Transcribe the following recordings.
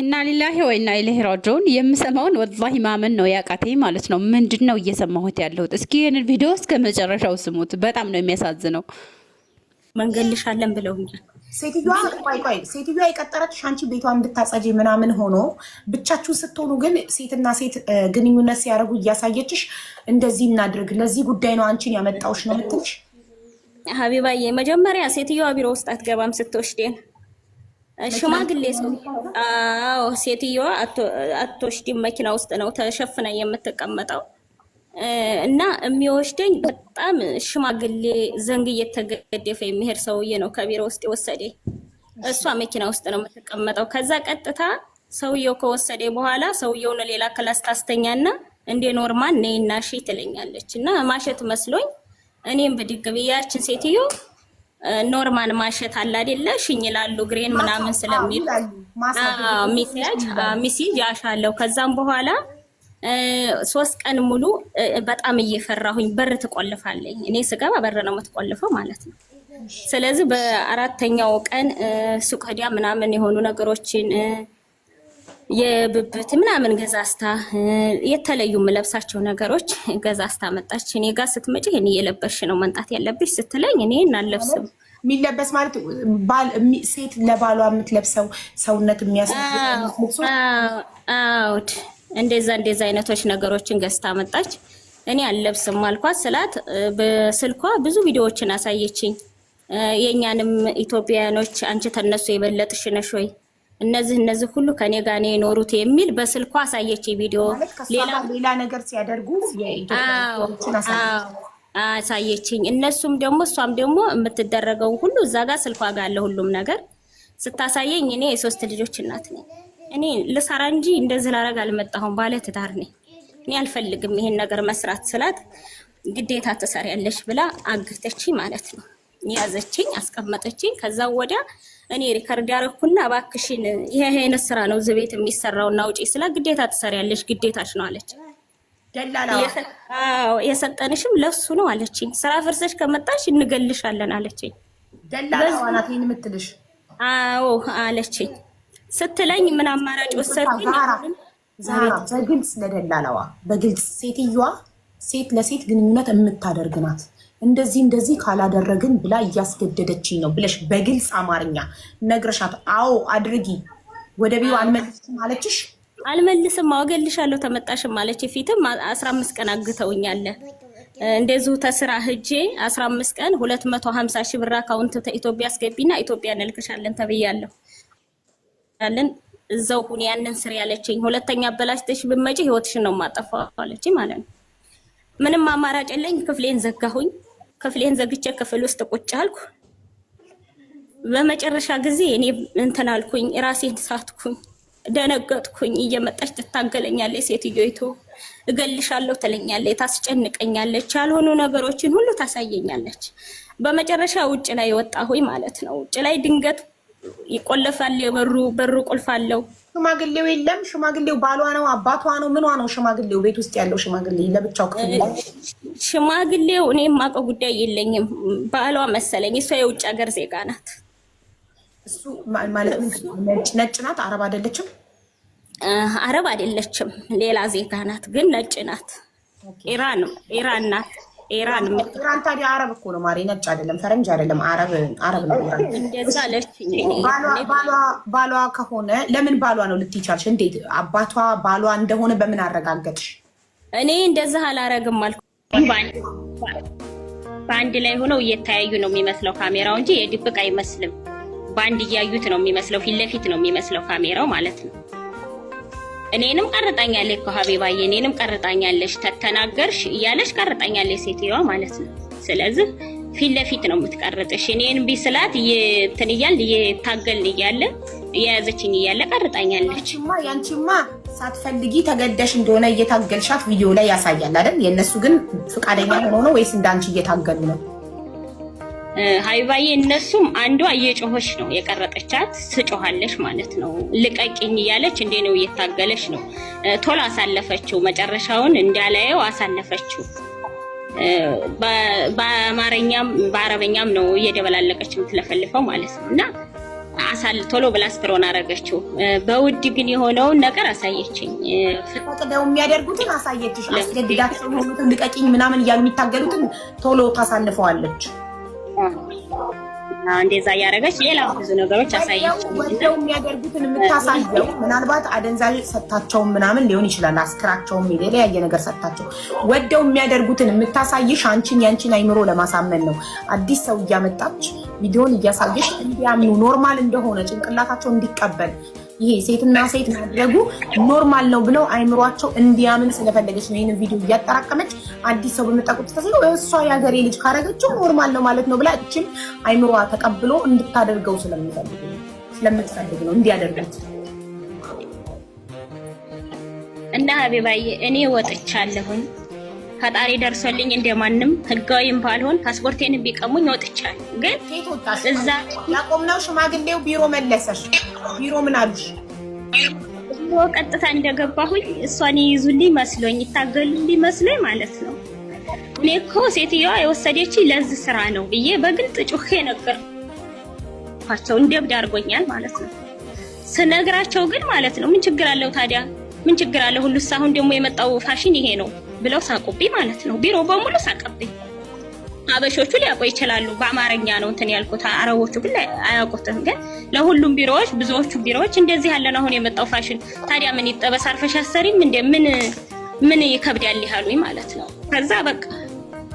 እና ሊላሂ ወይና ኢለይሂ ራጂዑን የምሰማውን ወላሂ ማመን ነው ያቃተኝ ማለት ነው። ምንድን ነው እየሰማሁት ያለሁት? እስኪ ይህንን ቪዲዮ እስከ መጨረሻው ስሙት። በጣም ነው የሚያሳዝነው። መንገድልሻለን ብለውኛል። ሴትዮዋ ቆይ ቆይ፣ ሴትዮዋ የቀጠረችሽ አንቺ ቤቷን እንድታጸጂ ምናምን ሆኖ ብቻችሁ ስትሆኑ ግን ሴትና ሴት ግንኙነት ሲያደርጉ እያሳየችሽ እንደዚህ እናድርግ፣ ለዚህ ጉዳይ ነው አንቺን ያመጣውሽ ነው የምትልሽ ሀቢባዬ። መጀመሪያ ሴትዮዋ ቢሮ ውስጥ አትገባም ስትወስዴን ሽማግሌ ሰው አዎ፣ ሴትዮዋ አትወስድም መኪና ውስጥ ነው ተሸፍና የምትቀመጠው። እና የሚወስደኝ በጣም ሽማግሌ ዘንግ እየተገደፈ የሚሄድ ሰውዬ ነው ከቢሮ ውስጥ የወሰደኝ። እሷ መኪና ውስጥ ነው የምትቀመጠው። ከዛ ቀጥታ ሰውየው ከወሰደ በኋላ ሰውየውን ሌላ ክላስ ታስተኛና እንደ ኖርማል ነይናሽ ትለኛለች። እና ማሸት መስሎኝ እኔም ብድግ ያችን ሴትዮ ኖርማል ማሸት አለ አይደለ? ሽኝ ላሉ ግሬን ምናምን ስለሚል ሚሴጅ ሚሴጅ ያሻለው። ከዛም በኋላ ሶስት ቀን ሙሉ በጣም እየፈራሁኝ በር ትቆልፋለኝ። እኔ ስገባ በር ነው የምትቆልፈው ማለት ነው። ስለዚህ በአራተኛው ቀን ሱቅ ምናምን የሆኑ ነገሮችን የብብት ምናምን ገዛስታ የተለዩ የምለብሳቸው ነገሮች ገዛስታ መጣች። እኔ ጋር ስትመጪ ይሄን እየለበሽ ነው መንጣት ያለብሽ ስትለኝ እኔ አልለብስም። የሚለበስ ማለት ሴት ለባሏ የምትለብሰው ሰውነት የሚያስወድ እንደዛ እንደዛ አይነቶች ነገሮችን ገዝታ መጣች። እኔ አልለብስም አልኳት ስላት በስልኳ ብዙ ቪዲዮዎችን አሳየችኝ። የእኛንም ኢትዮጵያውያኖች አንቺ ተነሱ የበለጥሽ ነሽ ወይ እነዚህ እነዚህ ሁሉ ከኔ ጋር ነው የኖሩት የሚል በስልኳ አሳየች። ቪዲዮ ሌላ ነገር ሲያደርጉ አሳየችኝ። እነሱም ደግሞ እሷም ደግሞ የምትደረገው ሁሉ እዛ ጋር ስልኳ ጋር አለ ሁሉም ነገር ስታሳየኝ፣ እኔ የሶስት ልጆች እናት ነኝ። እኔ ልሰራ እንጂ እንደዚህ ላረግ አልመጣሁም። ባለ ትዳር ነኝ። እኔ አልፈልግም ይሄን ነገር መስራት ስላት፣ ግዴታ ትሰሪያለሽ ብላ አግርተች ማለት ነው። ያዘችኝ አስቀመጠችኝ። ከዛ ወዲያ እኔ ሪከርድ ያረኩና እባክሽን ይሄ አይነት ስራ ነው እዚህ ቤት የሚሰራውና ውጪ ስለ ግዴታ ትሰሪያለሽ ግዴታሽ ነው አለች። የሰጠንሽም ለሱ ነው አለችኝ። ስራ ፍርሰሽ ከመጣሽ እንገልሻለን አለችኝ። ደላላው ናት የምትልሽ? አዎ አለችኝ። ስትለኝ ምን አማራጭ ወሰድኩኝ? በግልጽ ለደላላዋ በግልጽ ሴትዮዋ ሴት ለሴት ግንኙነት የምታደርግ ናት። እንደዚህ እንደዚህ ካላደረግን ብላ እያስገደደችኝ ነው ብለሽ በግልጽ አማርኛ ነግረሻት፣ አዎ አድርጊ ወደ ቢሮ አልመልስም አለችሽ? አልመልስም አወገልሻለሁ ተመጣሽም አለች። ፊትም አስራ አምስት ቀን አግተውኛለ እንደዚሁ ተስራ ህጄ አስራ አምስት ቀን ሁለት መቶ ሀምሳ ሺህ ብር አካውንት ኢትዮጵያ አስገቢና ኢትዮጵያ እንልክሻለን ተብያለሁ ያለን እዛው ሁን ያንን ስር ያለችኝ። ሁለተኛ አበላሽተሽ ብመጪ ህይወትሽን ነው ማጠፋ አለችኝ ማለት ነው። ምንም አማራጭ የለኝ። ክፍሌን ዘጋሁኝ። ክፍሌን ዘግቼ ክፍል ውስጥ ቁጭ አልኩ። በመጨረሻ ጊዜ እኔ እንትን አልኩኝ፣ ራሴን ሳትኩኝ፣ ደነገጥኩኝ። እየመጣች ትታገለኛለች፣ ሴትዮይቱ እገልሻለሁ ትለኛለች፣ ታስጨንቀኛለች፣ ያልሆኑ ነገሮችን ሁሉ ታሳየኛለች። በመጨረሻ ውጭ ላይ ወጣሁኝ ማለት ነው። ውጭ ላይ ድንገት ይቆለፋል የበሩ በሩ ቁልፍ አለው ሽማግሌው የለም። ሽማግሌው ባሏ ነው፣ አባቷ ነው፣ ምኗ ነው? ሽማግሌው ቤት ውስጥ ያለው ሽማግሌ ለብቻው ክፍል ሽማግሌው እኔ የማውቀው ጉዳይ የለኝም። ባሏ መሰለኝ። እሷ የውጭ ሀገር ዜጋ ናት። እሱ ማለት ነጭ ናት። አረብ አይደለችም። አረብ አይደለችም። ሌላ ዜጋ ናት፣ ግን ነጭ ናት። ኢራን ኢራን ናት። ኢራን ታዲያ አረብ እኮ ነው ማሪ፣ ነጭ አይደለም፣ ፈረንጅ አይደለም፣ አረብ አረብ ነው። እንደዛ ባሏ ከሆነ ለምን ባሏ ነው ልትይቻልሽ? እንዴት አባቷ ባሏ እንደሆነ በምን አረጋገጥሽ? እኔ እንደዛ አላረግም አልኩ። በአንድ ላይ ሆነው እየተያዩ ነው የሚመስለው ካሜራው እንጂ የድብቅ አይመስልም። በአንድ እያዩት ነው የሚመስለው፣ ፊት ለፊት ነው የሚመስለው ካሜራው ማለት ነው። እኔንም ቀርጣኛለች እኮ ሀቢባዬ፣ እኔንም ቀርጣኛለች ተተናገርሽ እያለች ቀርጣኛለች ሴትዮዋ ማለት ነው። ስለዚህ ፊት ለፊት ነው የምትቀርጥሽ። እኔን ቢስላት እንትን እያል እየታገልን እያለ እየያዘችኝ እያለ ቀርጣኛለች። ያንቺማ ሳትፈልጊ ተገደሽ እንደሆነ እየታገልሻት ቪዲዮ ላይ ያሳያል አይደል? የእነሱ ግን ፍቃደኛ ሆኖ ነው ወይስ እንዳንቺ እየታገሉ ነው? ሀይባዬ እነሱም አንዷ እየጮኸች ነው የቀረጠቻት፣ ስጮኋለች ማለት ነው። ልቀቂኝ እያለች እንዴ ነው እየታገለች ነው። ቶሎ አሳለፈችው፣ መጨረሻውን እንዳላየው አሳለፈችው። በአማርኛም በአረበኛም ነው እየደበላለቀች የምትለፈልፈው ማለት ነው። እና ቶሎ ብላ አረገችው። በውድ ግን የሆነውን ነገር አሳየችኝ። ፈቅደው የሚያደርጉትን አሳየችሽ። አስገድዳቸው ልቀቂኝ ምናምን እያሉ የሚታገሉትን ቶሎ ታሳልፈዋለች። እንደዛ እያደረገች ሌላ ብዙ ነገሮች አሳየች። ወደው የሚያደርጉትን የምታሳየው ምናልባት አደንዛዥ ሰታቸውን ምናምን ሊሆን ይችላል። አስክራቸውም የተለያየ ነገር ሰታቸው ወደው የሚያደርጉትን የምታሳይሽ አንቺን ያንቺን አይምሮ ለማሳመን ነው። አዲስ ሰው እያመጣች ቪዲዮን እያሳየሽ እንዲያምኑ ኖርማል እንደሆነ ጭንቅላታቸው እንዲቀበል ይሄ ሴትና ሴት ማድረጉ ኖርማል ነው ብለው አይምሯቸው እንዲያምን ስለፈለገች ነው ይህን ቪዲዮ እያጠራቀመች አዲስ ሰው በመጣቁት ተስ እሷ የሀገሬ ልጅ ካረገችው ኖርማል ነው ማለት ነው ብላ እችም አይምሯ ተቀብሎ እንድታደርገው ስለምፈልግ ስለምትፈልግ ነው እንዲያደርጉት። እና ሀቢባዬ እኔ ወጥቻለሁኝ። ፈጣሪ ደርሶልኝ እንደማንም ህጋዊም ባልሆን ፓስፖርቴን ቢቀሙኝ ወጥቻለሁ። ግን እዛ ያቆምነው ሽማግሌው ቢሮ መለሰሽ ቢሮ ምን አልሽ? ቢሮ ቀጥታ እንደገባሁኝ እሷን ይይዙልኝ መስሎኝ ይታገሉልኝ መስሎኝ ማለት ነው። እኔ እኮ ሴትዮዋ የወሰደችኝ ለዚህ ስራ ነው ብዬ በግልጥ ጩኼ ነገርኳቸው። እንደ እብድ አድርጎኛል ማለት ነው። ስነግራቸው ግን ማለት ነው ምን ችግር አለው ታዲያ ምን ችግር አለው ሁሉ አሁን ደግሞ የመጣው ፋሽን ይሄ ነው ብለው ሳቁብኝ ማለት ነው። ቢሮ በሙሉ ሳቀብኝ። አበሾቹ ሊያውቁ ይችላሉ። በአማርኛ ነው እንትን ያልኩት። አረቦቹ ግን አያውቁትም። ግን ለሁሉም ቢሮዎች፣ ብዙዎቹ ቢሮዎች እንደዚህ ያለን አሁን የመጣው ፋሽን ታዲያ ምን ይጠበስ አርፈሽ አሰሪም እንደ ምን ምን ይከብዳል ማለት ነው። ከዛ በቃ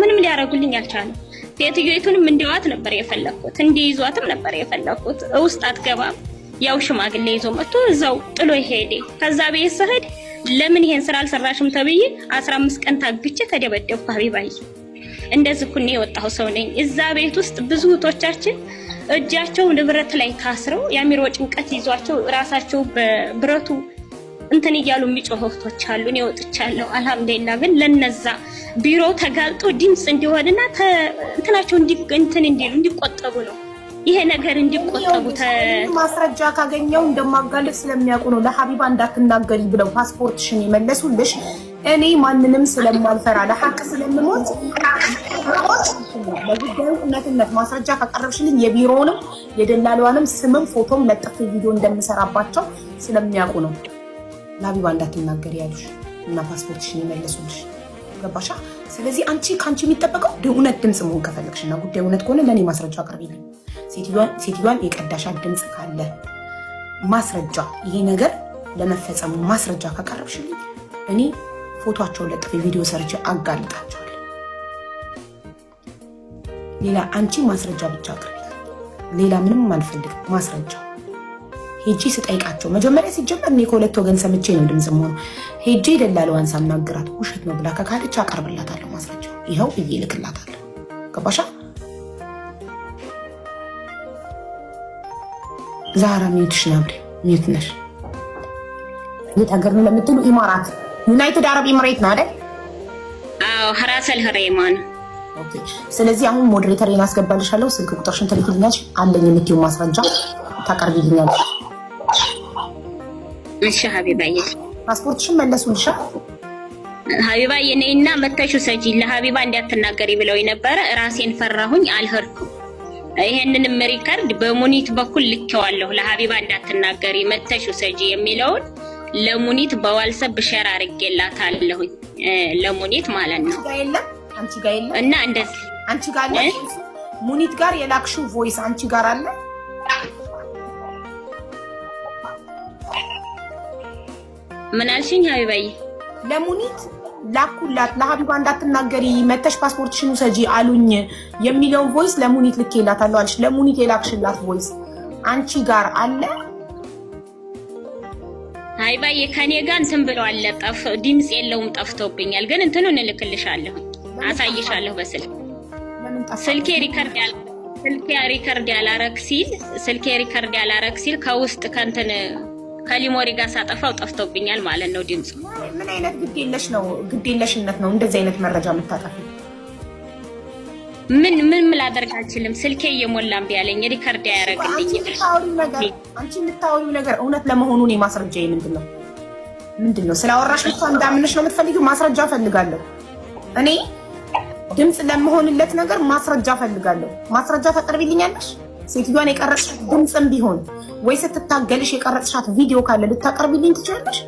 ምንም ሊያደረጉልኝ አልቻለም። ሴትዮይቱንም እንዲዋት ነበር የፈለኩት፣ እንዲይዟትም ነበር የፈለኩት። ውስጥ አትገባም። ያው ሽማግሌ ይዞ መጥቶ እዛው ጥሎ ይሄዴ። ከዛ ቤት ስሄድ ለምን ይሄን ስራ አልሰራሽም ተብዬ አምስት ቀን ታግቼ ተደበደብኩ። ሀቢባዬ እንደዚህ ኩኔ የወጣሁ ሰው ነኝ። እዛ ቤት ውስጥ ብዙ እህቶቻችን እጃቸው ንብረት ላይ ካስረው የአሚሮ ጭንቀት ይዟቸው ራሳቸው በብረቱ እንትን እያሉ የሚጮህ እህቶች አሉ። እኔ ወጥቻለሁ አልሐምዱሊላህ። ግን ለነዛ ቢሮ ተጋልጦ ድምፅ እንዲሆንና እንትናቸው እንትን እንዲሉ እንዲቆጠቡ ነው ይሄ ነገር እንዲቆጠቡ ማስረጃ ካገኘው እንደማጋለጥ ስለሚያውቁ ነው ለሀቢባ እንዳትናገሪ ብለው ፓስፖርትሽን የመለሱልሽ። እኔ ማንንም ስለማልፈራ ለሀቅ ስለምሞት ለጉዳዩ እውነትነት ማስረጃ ካቀረብሽልኝ የቢሮውንም የደላሏንም ስምም ፎቶም ለጥፍ ቪዲዮ እንደምሰራባቸው ስለሚያውቁ ነው ለሀቢባ እንዳትናገር ያሉሽ እና ፓስፖርትሽን ይመለሱልሽ። ገባሻ? ስለዚህ አንቺ ከአንቺ የሚጠበቀው እውነት ድምፅ መሆን ከፈለግሽ እና ጉዳዩ እውነት ከሆነ ለእኔ ማስረጃ አቅርቢልኝ። ሴትዮዋን የቀዳሻ ድምፅ ካለ ማስረጃ፣ ይሄ ነገር ለመፈጸሙ ማስረጃ ካቀረብሽልኝ እኔ ፎቶቸውን ለጥፌ ቪዲዮ ሰርቼ አጋልጣቸዋል። ሌላ አንቺ ማስረጃ ብቻ አቅርቢ። ሌላ ምንም አልፈልግም። ማስረጃ ሄጂ ስጠይቃቸው መጀመሪያ ሲጀመር እኔ ከሁለት ወገን ሰምቼ ነው ድምፅ መሆኑ። ሄጂ ደላላዋን ሳናግራት ውሸት ነው ብላ ከካደች አቀርብላታለሁ ማስረጃ። ይኸው ብዬ ልክላታለሁ። ገባሻ? ዛራ ሚዩትሽ ናብሪ ሚዩት ነሽ። የት ሀገር ነው ለምትሉ ኢማራት ዩናይትድ አረብ ኤምሬት ነው አይደል? አዎ ራሰል ሆሬማ ኦኬ። ስለዚህ አሁን ሞዴሬተር እናስገባልሻለሁ። ስልክ ቁጥርሽን ትልክልኛለሽ፣ አለኝ የምትይው ማስረጃ ታቀርቢልኛለሽ። እሺ ሀቢባዬ፣ ፓስፖርትሽን መለሱልሻ። ሀቢባዬ የኔና መተሹ ሰጂ ለሀቢባ እንዲያትናገሪ ብለው የነበረ ራሴን ፈራሁኝ፣ አልሄድኩም። ይሄንንም ሪከርድ በሙኒት በኩል ልኬዋለሁ። ለሀቢባ እንዳትናገሪ መተሹ ሰጂ የሚለውን ለሙኒት በዋልሰብ ብሸር አድርጌላታለሁኝ ለሙኒት ማለት ነው እና እንደዚህ አንቺ ጋር ሙኒት ጋር የላክሹ ቮይስ አንቺ ጋር አለ ምን አልሽኝ ሀቢባዬ ለሙኒት ላኩላት ለሀቢባ እንዳትናገሪ መተሽ ፓስፖርትሽን ውሰጂ አሉኝ የሚለውን ቮይስ ለሙኒት ልኬላታለሁ አለሽ ለሙኒት የላክሽላት ቮይስ አንቺ ጋር አለ አይ ባዬ ከኔ ጋር እንትን ብለዋል። ጠፍ ድምፅ የለውም ጠፍቶብኛል። ግን እንትኑን እልክልሻለሁ፣ አሳይሻለሁ በስልክ ስልኬ ሪከርድ ያል ስልኬ ሪከርድ ያላረግ ሲል ስልኬ ሪከርድ ያላረግ ሲል ከውስጥ ከእንትን ከሊሞሪ ጋር ሳጠፋው ጠፍቶብኛል ማለት ነው ድምፁ። ምን አይነት ግዴለሽ ነው? ግዴለሽነት ነው እንደዚህ አይነት መረጃ የምታጠፋው ምን ምን ምን ላደርግ አልችልም። ስልኬ እየሞላም ቢያለኝ ሪከርድ ያደረግልኝ አንቺ የምታወሪው ነገር እውነት ለመሆኑ እኔ ማስረጃ ምንድን ነው ምንድን ነው? ስላወራሽ ብቻ እንዳምንሽ ነው የምትፈልጊው? ማስረጃ እፈልጋለሁ። እኔ ድምፅ ለመሆንለት ነገር ማስረጃ እፈልጋለሁ። ማስረጃ ታቀርቢልኛለሽ? ሴትዮዋን የቀረጽሻት ድምፅም ቢሆን ወይ ስትታገልሽ የቀረጽሻት ቪዲዮ ካለ ልታቀርቢልኝ ትችላለሽ?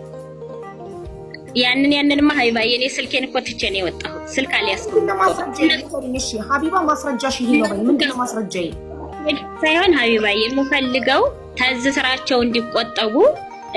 ያንን ያንንማ ሀይባ የኔ ስልኬን እኮ ትቼ ነው የወጣሁት። ስልክ አልያዝኩም። ሀቢባ ማስረጃሽ ይሄ ነው። ምንድን ነው ማስረጃዬ? ሳይሆን ሀቢባዬ የምፈልገው ተዝ ስራቸው እንዲቆጠቡ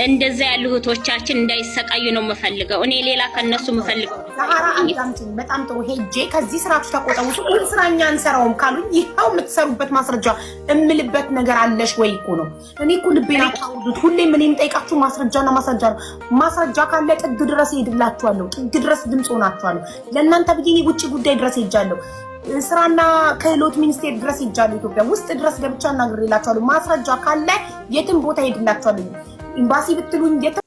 እንደዛ ያሉ እህቶቻችን እንዳይሰቃዩ ነው የምፈልገው። እኔ ሌላ ከነሱ የምፈልገው ዛህራ አዳምጪኝ፣ በጣም ጥሩ ሄጄ ከዚህ ስራችሁ ተቆጠቡ። ሁሉ ስራ እኛ እንሰራውም ካሉኝ ይኸው የምትሰሩበት ማስረጃ እምልበት ነገር አለሽ ወይ እኮ ነው። እኔ እኮ ልቤን አታውዙት። ሁሌ ምን የምጠይቃችሁ ማስረጃና ማስረጃ ነው። ማስረጃ ካለ ጥግ ድረስ ሄድላችኋለሁ። ጥግ ድረስ ድምፅ ሆናችኋለሁ። ለእናንተ ብዬ ውጭ ጉዳይ ድረስ ሄጃለሁ። ስራና ክህሎት ሚኒስቴር ድረስ ሄጃለሁ። ኢትዮጵያ ውስጥ ድረስ ገብቻ እናግሬላችኋለሁ። ማስረጃ ካለ የትም ቦታ ሄድላችኋለሁ። ኤምባሲ ብትሉኝ